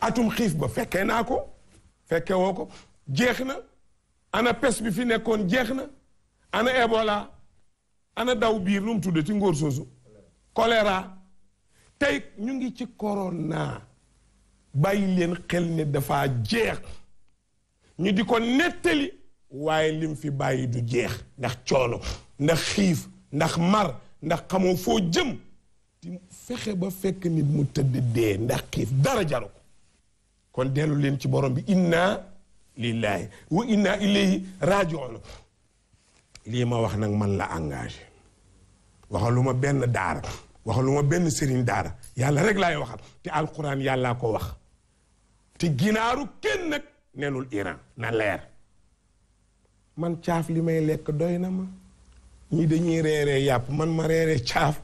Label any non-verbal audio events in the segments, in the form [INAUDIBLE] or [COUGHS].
atum xiif ba fekkee naa ko fekke woo ko jeex na ana pes bi fi nekkoon jeex na ana Ebola ana daw biir lu mu tudde ci ngóor soosu choléra tey ñu ngi ci corona bàyyi leen xel ne dafa jeex ñu di ko nettali waaye lim fi bàyyi du jeex ndax coono ndax xiif ndax mar ndax xamoo foo jëm di fexe ba fekk nit mu tëdd dee ndax xiif dara jaru kon dellu leen ci borom bi inna lillahi wa inna ilayhi rajiun lii ma wax nag man la engagé waxaluma benn daara waxaluma benn sëriñ daara yàlla rek laay waxal te alquran yàllaa ko wax te ginaaru kenn nag nenul Iran na leer man caaf li may lekk doy na ma ñii dañuy reeree yàpp man ma reere caaf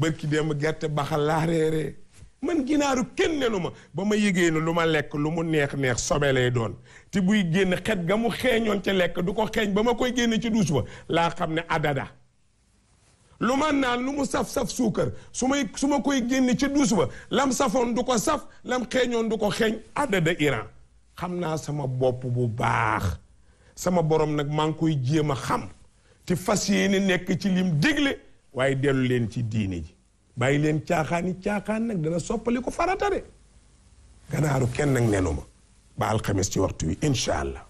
bërki dem gerte baxal laa reeree man ginaaru kenn nenu ma ba ma yëgee ne lu ma lekk lu mu neex neex sobe lay doon ti buy génn xet ga mu xeeñoon ca lekk du ko xeeñ ba ma koy génne ci duus ba laa xam ne adada lu ma naan lu mu saf-saf suukar su may su ma koy génne ci duus ba lam safoon du ko saf lam xeeñoon du ko xeeñ adada Iran xam naa sama bopp bu baax sama borom nag maa ngi koy jéem a xam te fas yéene nekk ci lim dégle waaye dellu leen ci diine ji bàyyi leen caaxaan yi nag dana soppali ko farata de ganaaru kenn nag nenu ma ba ci waxtu wi incha allah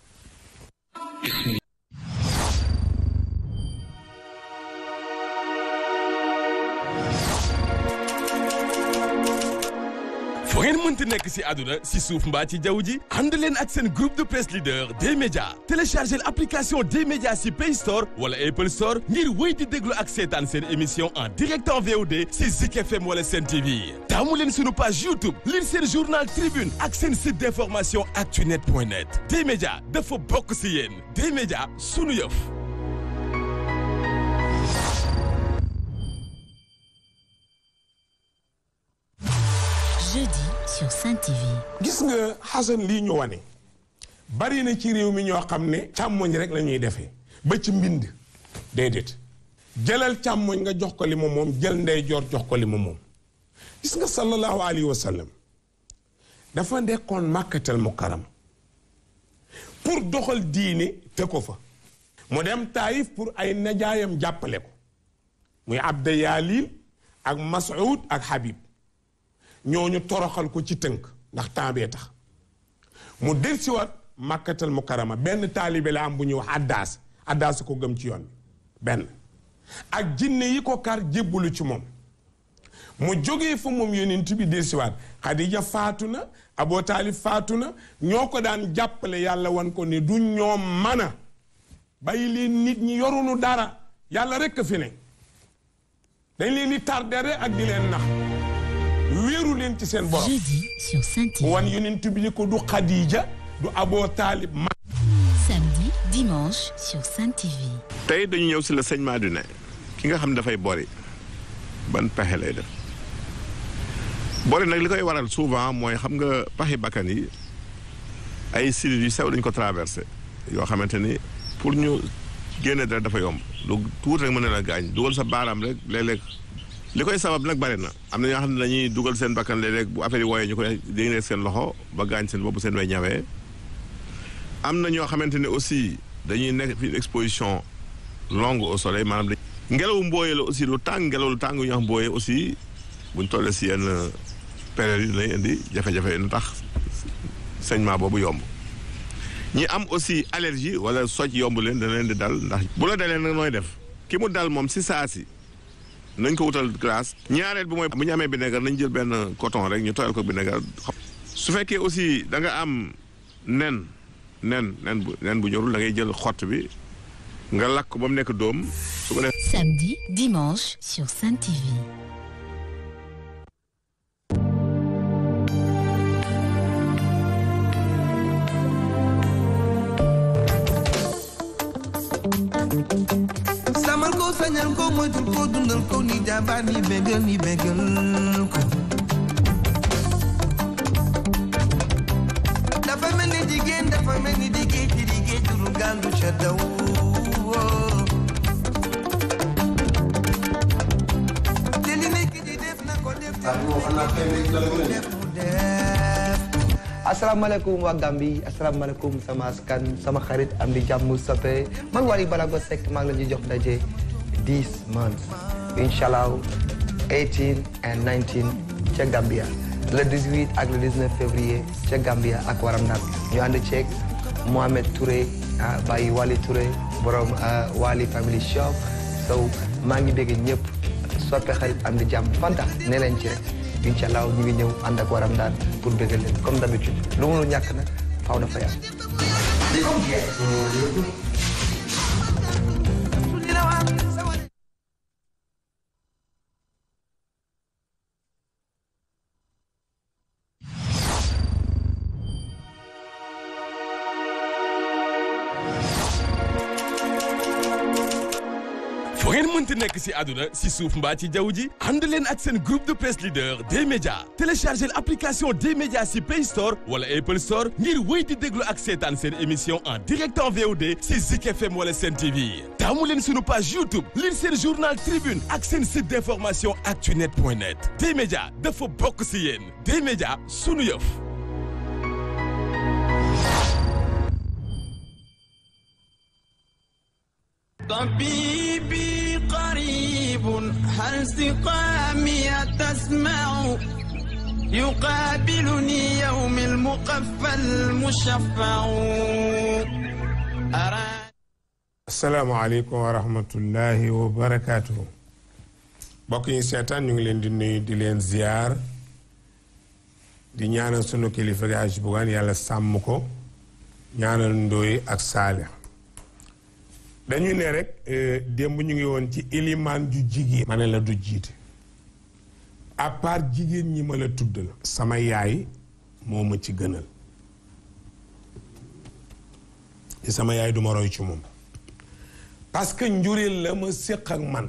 mënti nekk si àdduna si suuf mbaa ci jaww ji ànd leen ak seen groupe de presse leader des médias téléchargé l'application si Play wala Apple Store ngir wéy di déglu ak seetaan seen émission en direct en VOD si Zik FM wala seen TV taamu leen sunu page YouTube lire seen journal Tribune ak seen site d'information actunet point net des médias dafa bokk si yéen des médias sunu sur gis nga Xasan lii ñu wane bari na ci réew mi ñoo xam ne càmmoñ rek lañuy defee ba ci mbind déedéet jëlal càmmoñ nga jox ko li ma moom jël ndeyjoor jox ko li ma moom gis nga sallallahu alayhi wa dafa nekkoon màkkatal mu karam pour doxal diine te ko fa mu dem taayif pour ay najaayam jàppale ko muy abda yaalil ak mas'ud ak habib ñu toroxal ko ci tënk ndax temps bee tax mu delsiwaat màkkatal mu karama benn taalibe la am bu ñuy wax addaas addaas ko gëm ci yoon benn ak jinne yi ko kar jébbalu ci moom mu jógee fa moom yonent bi delsiwaat Xadija faatu na Aboo Taalib faatu na ñoo ko daan jàppale yàlla wan ko ne du ñoom mana bay leen nit ñi yorunu dara yàlla rekk fi ne dañ leen di tardere ak di leen nax wéeru leen ci seen borom. jeudi sur Saint-Yves. wan bi ni ko du Khadija du Aboo Taalib. samedi dimanche sur saint tey dañu ñëw si la saignement du nez ki nga xam dafay bori ban pexe lay def bori nag li koy waral souvent mooy xam nga paxi bakkan yi ay cellules yu sew dañu ko traversé yoo xamante ni pour ñu génne dara dafa yomb lu tuut rek mën na la gaañ dugal sa baaraam rek léeg-léeg li koy sabab nag bare na am na ñoo xam ne dañuy dugal seen bakkan léeg-léeg bu affaire yi wooyee ñu koy dégg seen loxo ba gaañ seen bopp seen way ñawee am na ñoo xamante ne aussi dañuy nekk fi exposition longue au soleil ngelaw mbooyee la aussi lu tàng ngelaw lu tàng ñu wax mbooyee aussi buñ tollee si yenn période yi lay indi jafe-jafe na tax saignement boobu yomb ñi am aussi allergie wala soj yomb leen dana leen di dal ndax bu la dalee nag nooy def ki mu dal moom si saa si nañ ko wutal glace ñaareel bi mooy bu ñu amee vinaigre nañ jël benn coton rek ñu tooyal ko vinaigre su fekkee aussi da nga am nen nen nen bu nen bu ñorul da ngay jël xott bi nga lakk ba mu nekk dóom su ko def samedi dimanche sur Sen bañal ko moytul ko dundal ko ni jàmbaar ni bégal ni bégal ko dafa mel ni jigéen dafa mel ni liggéey ci liggéey juru gàndu ca daw te li nekk di def na ko def def asalaamaaleykum waa Gambi asalaamaaleykum sama askan sama xarit am di jàmm soppe man Wally Balago Seck maa ngi leen di jox ndaje this month. Inch'Allah, 18 and 19 ca Gambia. le 18 ak le 19 février ca Gambia ak waram nag ñu ànd ceeg Mohamed Touré ah bàyyi Wali Touré borom ah, Wali family shop so maa ngi bégg ñëpp soppe xarit am di jàmm fanta ne leen ci rek incha allah ñu ngi ñëw ànd ak waram daal pour bégal leen comme d'habitude lu mu ñàkk nag faaw dafa yàq. nekk si àdduna si suuf mbaa ci jaww ji leen ak seen groupe de presse leader des médias téléchargé l'application des si Play wala Apple Store ngir wéy di déglu ak seetaan seen émission en direct en VOD si Zik FM wala seen TV taamu leen sunu page YouTube lire seen journal Tribune ak seen site d'information actunet point net des médias bokk si yéen هل سقامي تسمع يقابلني يوم المقفى المشفع أرى السلام عليكم ورحمة الله وبركاته mbokk yi seetaan ñu ngi leen di nuyu di leen ziar di ñaanal sunu kilifa gi Haj Bougane yàlla sàmm ko ñaanal ndóoy ak saale dañuy ne rek euh, démb ñu ngi woon ci ilimaan ju jigéen ma ne la du jiite à jigéen ñi ma la tudd la sama yaay moo ci gënal ci sama yaay du ma roy ci moom parce que njureel la ma séq ak man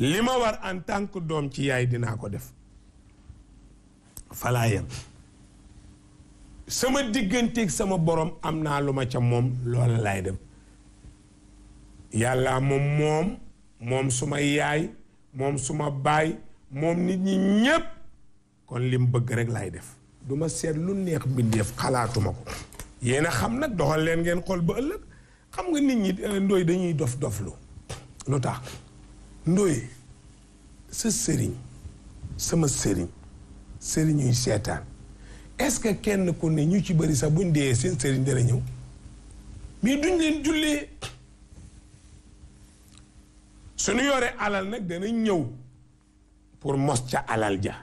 li ma war en tant doom ci yaay dinaa ko def falaa sama digganteek sama borom am naa lu ma ca moom loola laay dem yàlla moom moom moom suma yaay moom suma baay moom nit ñi ñépp kon li bëgg rek laay def duma seet lu neex mbindeef xalaatuma ko yéen a xam nag doxal leen ngeen xool ba ëllëg xam nga nit ñi euh, ndooy dañuy dof doflu lu tax ndooy sa sëriñ sama sëriñ sëriñuy seetaan est-ce que kenn ku ne ñu ci bari sax buñ dee seen sëriñ dana ñëw mais duñ leen jullee suñu yoree alal nag dana ñëw pour mos ca alal ja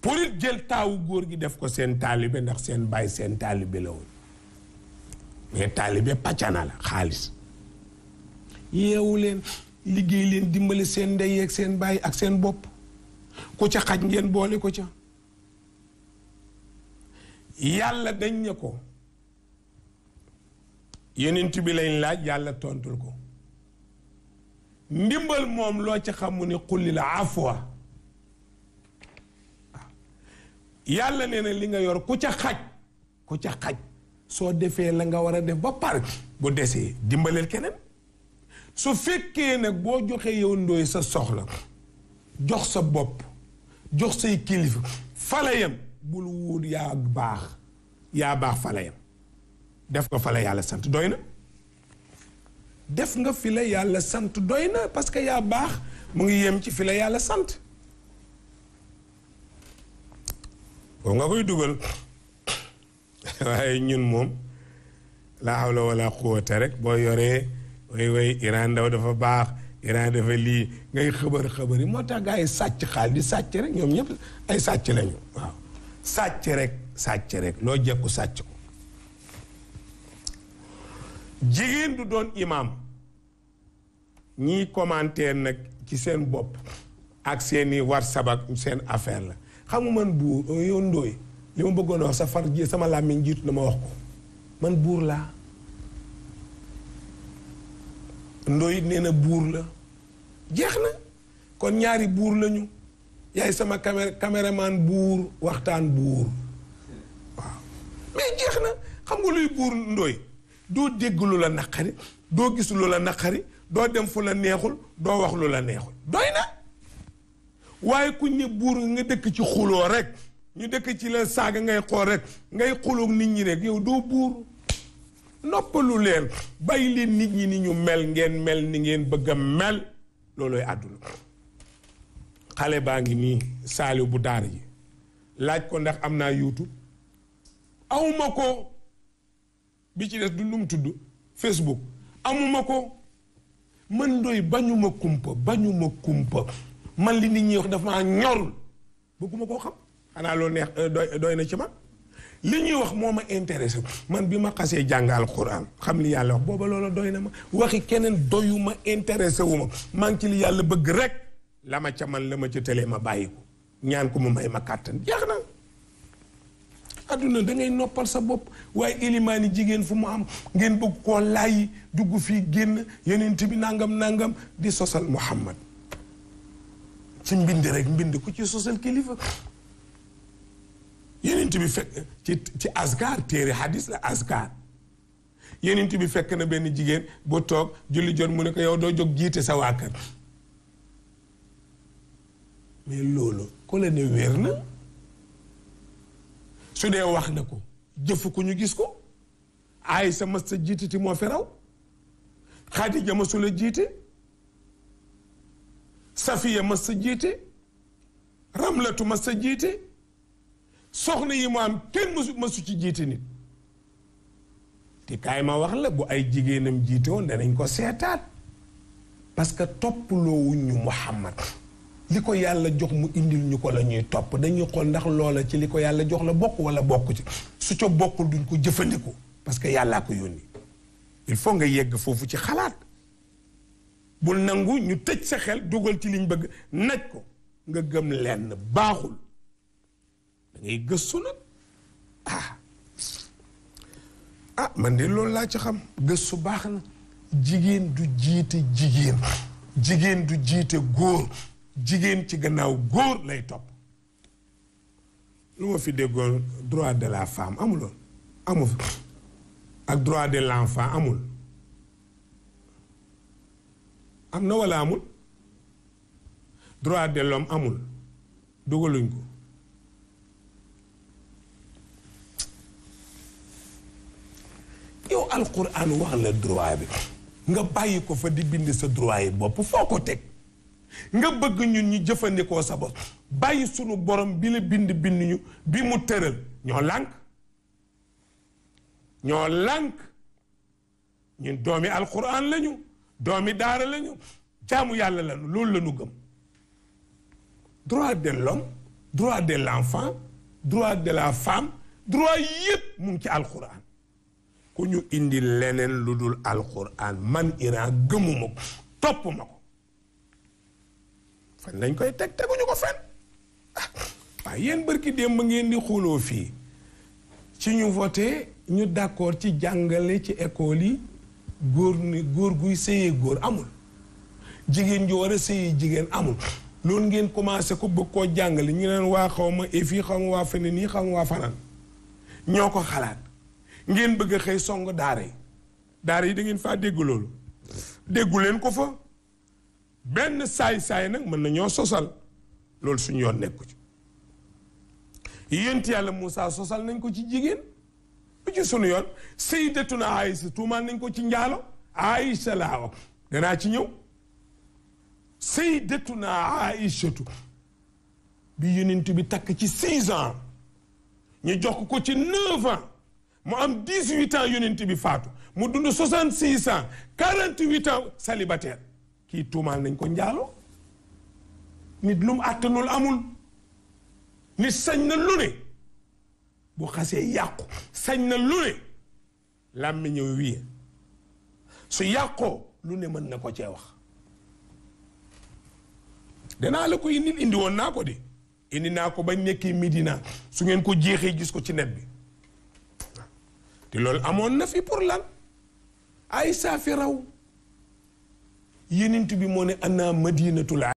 pour it jël taawu góor gi def ko seen taalibe ndax seen bàyyi seen taalibe la woon mais taalibe pàccana la xaalis yeewu leen liggéey leen dimbali seen ndey ak seen bàyyi ak seen bopp ku ca xaj ngeen boole ko ca yàlla dañ ne ko yenent bi lañ laaj yàlla tontul ko ndimbal moom loo ci xamu mu xulli la afwa yàlla ne na li nga yor ku ca xaj ku ca xaj soo defee la nga war a def ba pare bu desee dimbaleel keneen su fekkee nag boo joxee yow ndooy sa soxla jox sa bopp jox say kilifa falayam bul wóor yaa baax yaa baax yam def ko fala yàlla sant doy na def nga fi la yàlla sant doy na parce que yaa baax mu ngi yem ci fi la yàlla sant boobu nga koy dugal [COUGHS] waaye ñun moom laa hawla wala quwwata rek boo yoree way way Iran ndaw dafa baax Iran dafa lii ngay xëbar xëbar moo tax gaa yi sàcc xaal di sàcc rek ñoom ñëpp ay sàcc lañu waaw sàcc rek sàcc rek loo jekku sàcc jigéen du doon imaam ñiy commentaire nag ci seen bopp ak seeni war sabak seen affaire la xam nga man buur euh, yow ndooy li ma bëggoon wax sa far ji sama làmmiñ jiitu na ma wax ko man buur laa ndooy nee buur la jeex na kon ñaari buur lañu yaay sama caméra buur waxtaan buur waaw mais jeex na xam nga luy buur ndooy doo dégg lu la naqari doo gis lu la naqari doo dem fu la neexul doo wax lu la neexul doy na waaye ku ne buur nga dëkk ci xuloo rek ñu dëkk ci la saaga ngay xool rek ngay xuloog nit ñi rek yow doo buur noppalu leen bàyyi leen nit ñi ni ñu mel ngeen mel ni ngeen bëgg a mel loolooy àdduna xale baa ngi nii saali bu daar yi laaj ko ndax am naa yuutu awma ko bi ci des du lu mu tudd Facebook amuma ko man doy bañuma kumpa bañuma kumpa man li nit ñi wax dafa maa ñorul bëgguma koo xam xanaa loolu neex euh, doy doy na ci man li ñuy wax moo ma intéressé man bi ma xasee jàngal Qur'an xam li yàlla wax booba loola doy na ma waxi keneen doyu ma intéressé wu ma maa ngi ci li yàlla bëgg rek la ma ca man la ma ca tëlee ma bàyyi ko ñaan ko mu may ma kàttan jeex na. àdduna da noppal sa bopp waaye ilimaani jigéen fu mu am ngeen bëgg koo laay dugg fii génn yonent bi nangam nangam di sosal Muhammad ci mbind rek mbind ku ci sosal kilifa yonent bi fekk ci ci asgar téere hadis la asgar na benn jigéen bu toog julli jot mu ne yow doo jóg jiite sa waa kër mais loolu ku la ne wér na su dee wax na ko jëfu ko ñu gis ko Aysa mas sa jiititi moo fi raw Xadija ma su jiite Safiya mas sa jiite Ramlatu mas sa jiite soxna yi mu am kenn masu masu ci jiite nit te kaay ma wax la bu ay jigéenam jiite woon danañ ko seetaat parce que topp loowuñ ñu Muhammad li ko yàlla jox mu indil ñu ko la ñuy topp dañuy xool ndax loola ci li ko yàlla jox la bokk wala bokk ci su ca bokkul duñ ko jëfandikoo parce que yàllaa ko yónni il faut nga yegg foofu ci xalaat bul nangu ñu tëj sa xel dugal ci liñ bëgg nag ko nga gëm lenn baaxul da ngay gëstu nag ah ah de loolu laa ci xam gëstu baax na jigéen du jiite jigéen jigéen du jiite góor jigéen ci gannaaw góor lay topp lu ma fi déggoon droit de la femme amuloon amul ak droit de l'enfant amul am na walla amul droit de l'homme amul dugaluñ ko yow alxuraan wax la droit bi nga bàyyi ko fa di bind sa droit yi bopp foo ko teg nga bëgg ñun ñu jëfandikoo sa bopp bàyyi sunu borom bi la bind bind ñu bi mu tëral ñoo lànk ñoo lànk ñun doomi alquran lañu doomi daara lañu jaamu yàlla lañu loolu lañu gëm droit de l'homme droit de l'enfant droit de la femme droit yëpp mu ngi ci alquran ku ñu indi leneen lu dul alquran man Iran gëmuma ko topp ko fan lañ koy teg teguñu ko fen ah waaye yéen bërki démb ngeen di xuloo fii ci ñu voté ñu d'accord ci jàngale ci école yi góor ni góor guy sëyee góor amul jigéen ju war a sëyee jigéen amul loolu ngeen commencé ko bëgg koo jàngale ñu neen waa xaw ma efi xaw ma waa feneen yi xaw ma waa fanaan ñoo ko xalaat ngeen bëgg xëy song daara yi daara yi da ngeen faa dégg loolu déggu ko fa benn saay-saay nag mën na ñoo sosal loolu suñu yoon nekku ci yént yàlla Moussa sosal nañ ko ci jigéen lu ci sunu yoon ay Aïsa tuumaal nañ ko ci njaalo Aïsa laa wax danaa ci ñëw sayyidatuna Aïsatu bi yonent bi takk ci six ans ñu jox ko ci neuf ans mu am dix huit ans yonent bi faatu mu dund soixante six ans quarante huit ans célibataire kii tuumaal nañ ko njaalo nit lu mu àttanul amul nit sañ na lu ne bu xasee yàqu sañ na lu ne làmmiñu wii su yàqoo lu ne mën na ko cee wax danaa la ko indi indi woon naa ko de indi naa ko ba nekkee Medina su ngeen ko jeexee gis ko ci net bi te loolu amoon na fi pour lan ay saafi raw yenent bi moo ne ana madinatul